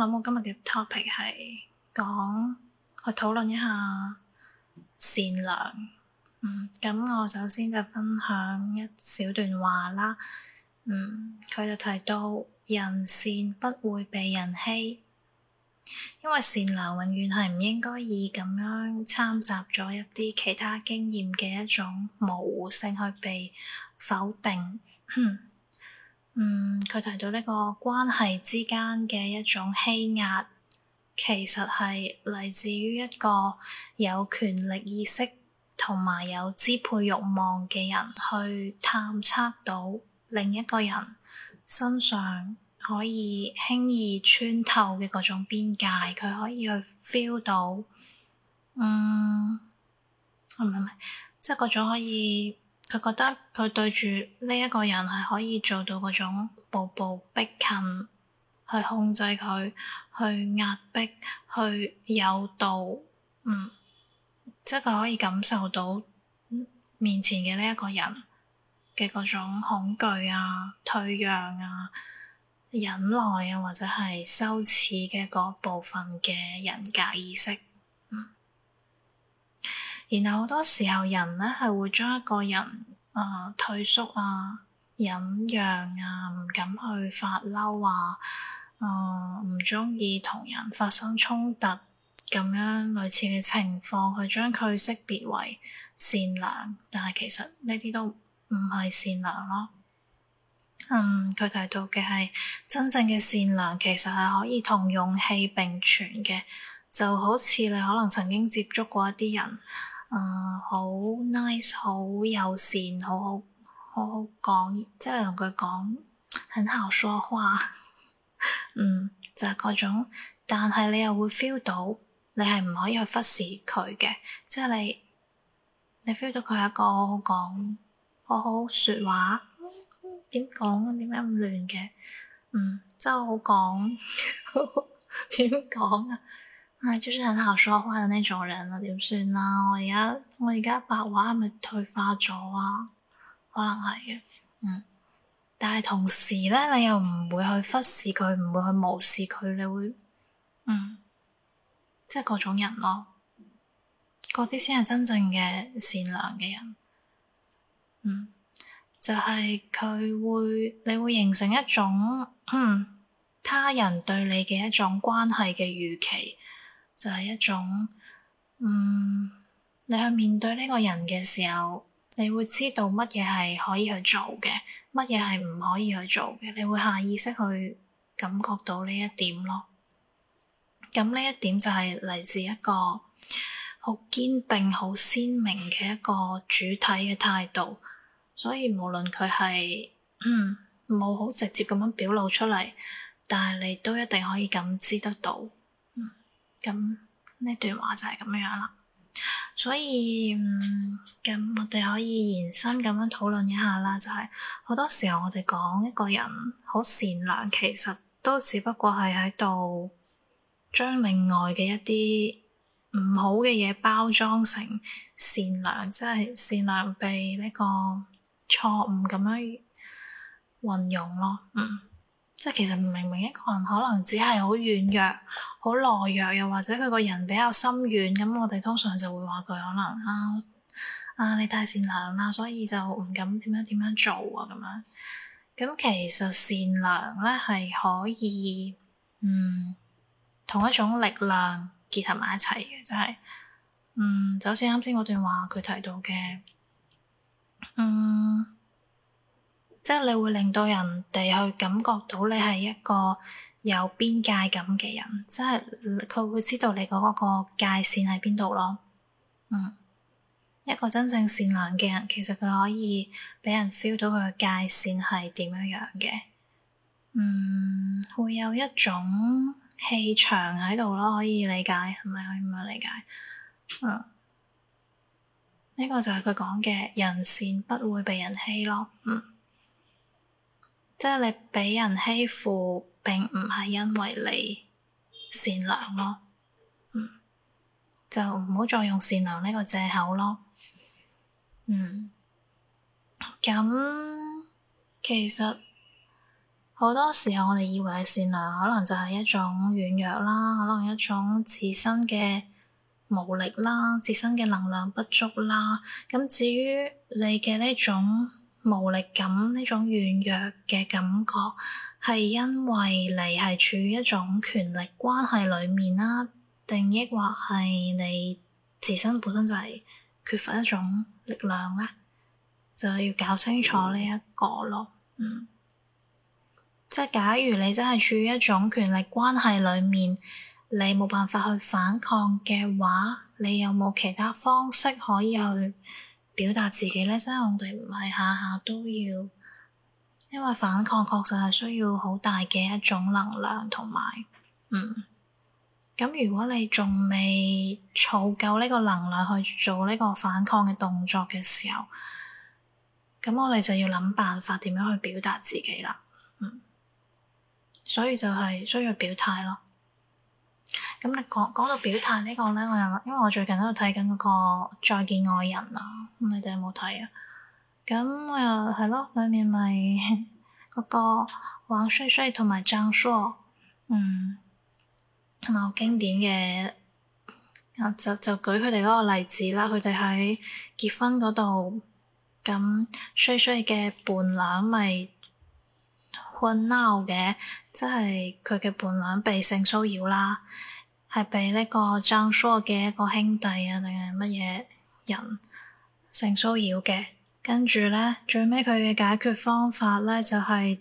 我諗我今日嘅 topic 係講去討論一下善良。嗯，咁我首先就分享一小段話啦。嗯，佢就提到人善不會被人欺，因為善良永遠係唔應該以咁樣摻雜咗一啲其他經驗嘅一種模糊性去被否定。嗯。嗯，佢提到呢個關係之間嘅一種欺壓，其實係嚟自於一個有權力意識同埋有支配慾望嘅人，去探測到另一個人身上可以輕易穿透嘅嗰種邊界，佢可以去 feel 到，嗯，唔係唔係，即係嗰種可以。佢覺得佢對住呢一個人係可以做到嗰種步步逼近，去控制佢，去壓迫，去誘導，嗯，即係佢可以感受到面前嘅呢一個人嘅嗰種恐懼啊、退讓啊、忍耐啊，或者係羞恥嘅嗰部分嘅人格意識。然後好多時候人呢，人咧係會將一個人啊、呃、退縮啊、忍讓啊、唔敢去發嬲啊、啊唔中意同人發生衝突咁樣類似嘅情況，去將佢識別為善良，但係其實呢啲都唔係善良咯。嗯，佢提到嘅係真正嘅善良其實係可以同勇氣並存嘅，就好似你可能曾經接觸過一啲人。誒、嗯，好 nice，好友善，好好好好講，即係同佢講很好說話，嗯，就係、是、嗰種。但係你又會 feel 到，你係唔可以去忽視佢嘅，即係你你 feel 到佢係一個好好講、好好說話，點講點解咁亂嘅？嗯，即係好講，點講啊？.啊，就是很好說話的那種人啦，點算啦？我而家我而家白話係咪退化咗啊？可能係嘅，嗯。但係同時咧，你又唔會去忽視佢，唔會去無視佢，你會嗯，即係各種人咯。嗰啲先係真正嘅善良嘅人，嗯，就係佢會，你會形成一種，嗯，他人對你嘅一種關係嘅預期。就係一種，嗯，你去面對呢個人嘅時候，你會知道乜嘢係可以去做嘅，乜嘢係唔可以去做嘅。你會下意識去感覺到呢一點咯。咁呢一點就係嚟自一個好堅定、好鮮明嘅一個主體嘅態度。所以無論佢係嗯，冇好直接咁樣表露出嚟，但係你都一定可以感知得到。咁呢段話就係咁樣啦，所以咁、嗯、我哋可以延伸咁樣討論一下啦，就係、是、好多時候我哋講一個人好善良，其實都只不過係喺度將另外嘅一啲唔好嘅嘢包裝成善良，即、就、係、是、善良被呢個錯誤咁樣運用咯，嗯。即係其實明明一個人可能只係好軟弱、好懦弱，又或者佢個人比較心軟，咁我哋通常就會話佢可能啊啊你太善良啦，所以就唔敢點樣點樣做啊咁樣。咁其實善良咧係可以嗯同一種力量結合埋一齊嘅，就係嗯就好似啱先嗰段話佢提到嘅嗯。即係你會令到人哋去感覺到你係一個有邊界感嘅人，即係佢會知道你嗰個界線喺邊度咯。嗯，一個真正善良嘅人，其實佢可以畀人 feel 到佢嘅界線係點樣樣嘅。嗯，會有一種氣場喺度咯，可以理解係咪？可以咁樣理解？嗯，呢、這個就係佢講嘅，人善不會被人欺咯。嗯。即係你畀人欺負，並唔係因為你善良咯，嗯，就唔好再用善良呢個借口咯，嗯，咁其實好多時候我哋以為嘅善良，可能就係一種軟弱啦，可能一種自身嘅無力啦，自身嘅能量不足啦，咁至於你嘅呢種。無力感呢種軟弱嘅感覺，係因為你係處於一種權力關係裏面啦，定抑或係你自身本身就係缺乏一種力量咧，就要搞清楚呢一個咯。嗯，即係假如你真係處於一種權力關係裏面，你冇辦法去反抗嘅話，你有冇其他方式可以去？表達自己咧，真係我哋唔係下下都要，因為反抗確實係需要好大嘅一種能量同埋，嗯，咁如果你仲未儲夠呢個能量去做呢個反抗嘅動作嘅時候，咁我哋就要諗辦法點樣去表達自己啦，嗯，所以就係需要表態咯。咁你講講到表態個呢個咧，我又因為我最近喺度睇緊嗰個《再見愛人》啊，咁你哋有冇睇啊？咁我又係咯，裏面咪嗰個王睡睡同埋張碩，嗯，同埋好經典嘅，啊，就就舉佢哋嗰個例子啦。佢哋喺結婚嗰度，咁睡睡嘅伴娘咪婚鬧嘅，即係佢嘅伴娘被性騷擾啦。係畀呢個張碩嘅一個兄弟啊，定係乜嘢人性騷擾嘅？跟住咧，最尾佢嘅解決方法咧，就係、是、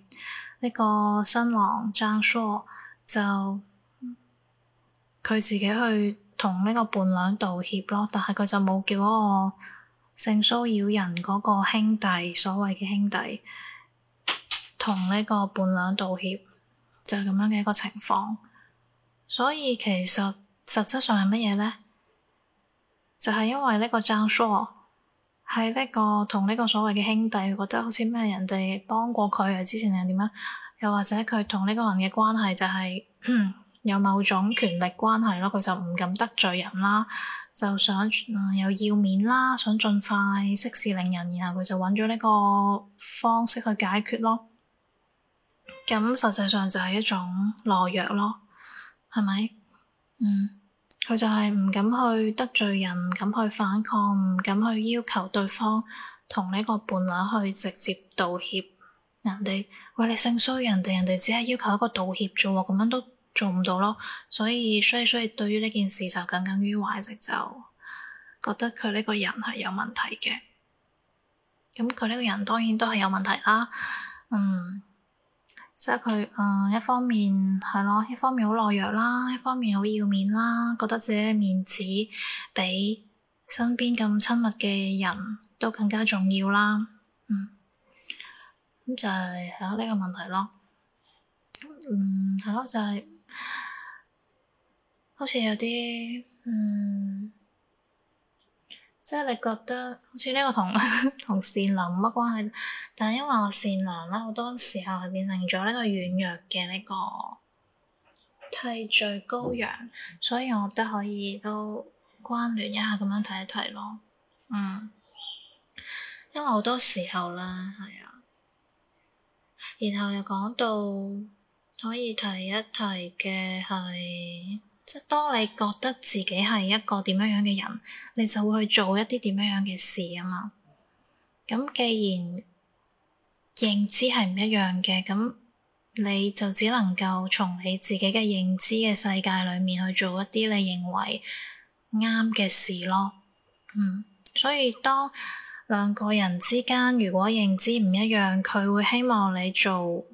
呢個新郎張碩就佢自己去同呢個伴娘道歉咯。但係佢就冇叫嗰個性騷擾人嗰個兄弟，所謂嘅兄弟同呢個伴娘道歉，就係、是、咁樣嘅一個情況。所以其實實質上係乜嘢咧？就係、是、因為呢個張碩係呢個同呢個所謂嘅兄弟，覺得好似咩人哋幫過佢啊，之前又點樣？又或者佢同呢個人嘅關係就係、是、 有某種權力關係咯，佢就唔敢得罪人啦，就想又、嗯、要面啦，想盡快息事寧人，然後佢就揾咗呢個方式去解決咯。咁實際上就係一種懦弱咯。係咪？嗯，佢就係唔敢去得罪人，唔敢去反抗，唔敢去要求對方同呢個伴侶去直接道歉人。人哋喂你性騷擾人哋，人哋只係要求一個道歉啫喎，咁樣都做唔到咯。所以，所以，所以，對於呢件事就耿耿於懷，直就覺得佢呢個人係有問題嘅。咁佢呢個人當然都係有問題啦。嗯。即係佢，嗯，一方面係咯，一方面好懦弱啦，一方面好要面啦，覺得自己嘅面子比身邊咁親密嘅人都更加重要啦，嗯，咁就係係咯呢個問題咯，嗯，係咯，就係、是、好似有啲，嗯。即係你覺得好似呢個同同 善良冇乜關係，但係因為我善良啦，好多時候係變成咗呢個軟弱嘅呢個替罪羔羊，所以我覺得可以都關聯一下咁樣睇一睇咯。嗯，因為好多時候啦，係啊，然後又講到可以提一提嘅係。即係當你覺得自己係一個點樣樣嘅人，你就會去做一啲點樣樣嘅事啊嘛。咁既然認知係唔一樣嘅，咁你就只能夠從你自己嘅認知嘅世界裡面去做一啲你認為啱嘅事咯。嗯，所以當兩個人之間如果認知唔一樣，佢會希望你做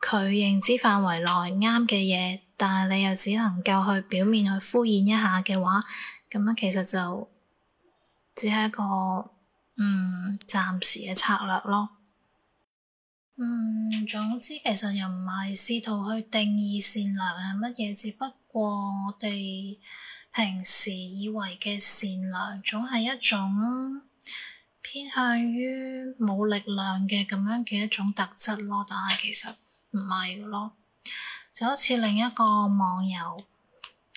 佢認知範圍內啱嘅嘢。但係你又只能夠去表面去敷衍一下嘅話，咁樣其實就只係一個嗯暫時嘅策略咯。嗯，總之其實又唔係試圖去定義善良係乜嘢，只不過我哋平時以為嘅善良總係一種偏向於冇力量嘅咁樣嘅一種特質咯，但係其實唔係嘅咯。就好似另一個網友，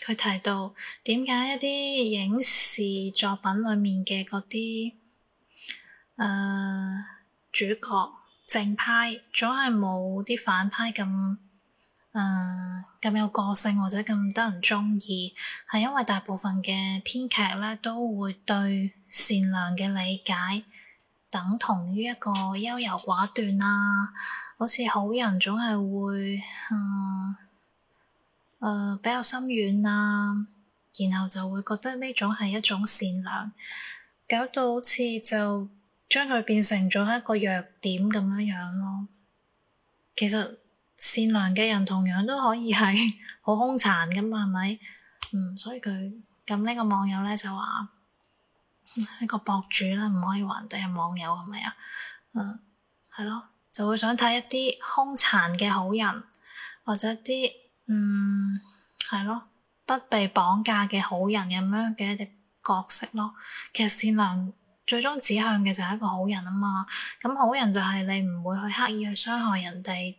佢提到點解一啲影視作品裏面嘅嗰啲誒，主角正派，總係冇啲反派咁，誒咁有個性，或者咁得人鍾意，係因為大部分嘅編劇咧都會對善良嘅理解等同於一個優柔寡斷啊，好似好人總係會，誒、呃呃，比較心軟啊，然後就會覺得呢種係一種善良，搞到好似就將佢變成咗一個弱點咁樣樣咯。其實善良嘅人同樣都可以係好兇殘㗎嘛，係咪？嗯，所以佢咁呢個網友咧就話。一個博主啦，唔可以話人哋係網友係咪啊？嗯，係咯，就會想睇一啲凶殘嘅好人，或者啲，嗯，係咯，不被綁架嘅好人咁樣嘅一啲角色咯。其實善良最終指向嘅就係一個好人啊嘛。咁好人就係你唔會去刻意去傷害人哋，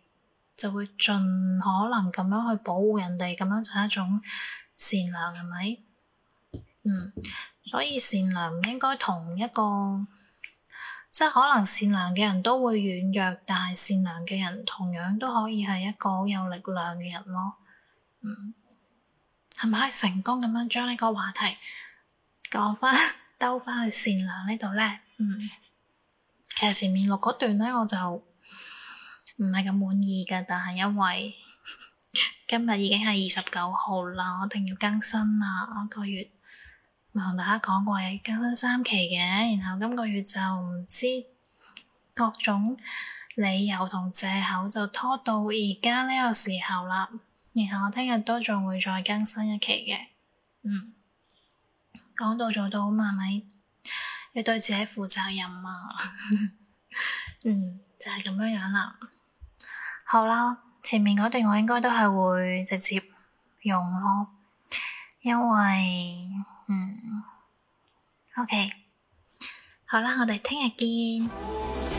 就會盡可能咁樣去保護人哋，咁樣就係一種善良，係咪？是嗯，所以善良唔應該同一個即係可能善良嘅人都會軟弱，但係善良嘅人同樣都可以係一個好有力量嘅人咯。嗯，係咪可以成功咁樣將呢個話題講翻兜翻去善良呢度咧？嗯，其實前面錄嗰段咧，我就唔係咁滿意嘅，但係因為今日已經係二十九號啦，我一定要更新啦，一個月。咪同大家講過，係更新三期嘅。然後今個月就唔知各種理由同借口，就拖到而家呢個時候啦。然後我聽日都仲會再更新一期嘅。嗯，講到做到啊嘛，咪要對自己負責任啊。 嗯，就係咁樣樣啦。好啦，前面嗰段我應該都係會直接用咯，因為。嗯，OK，好啦，我哋聽日見。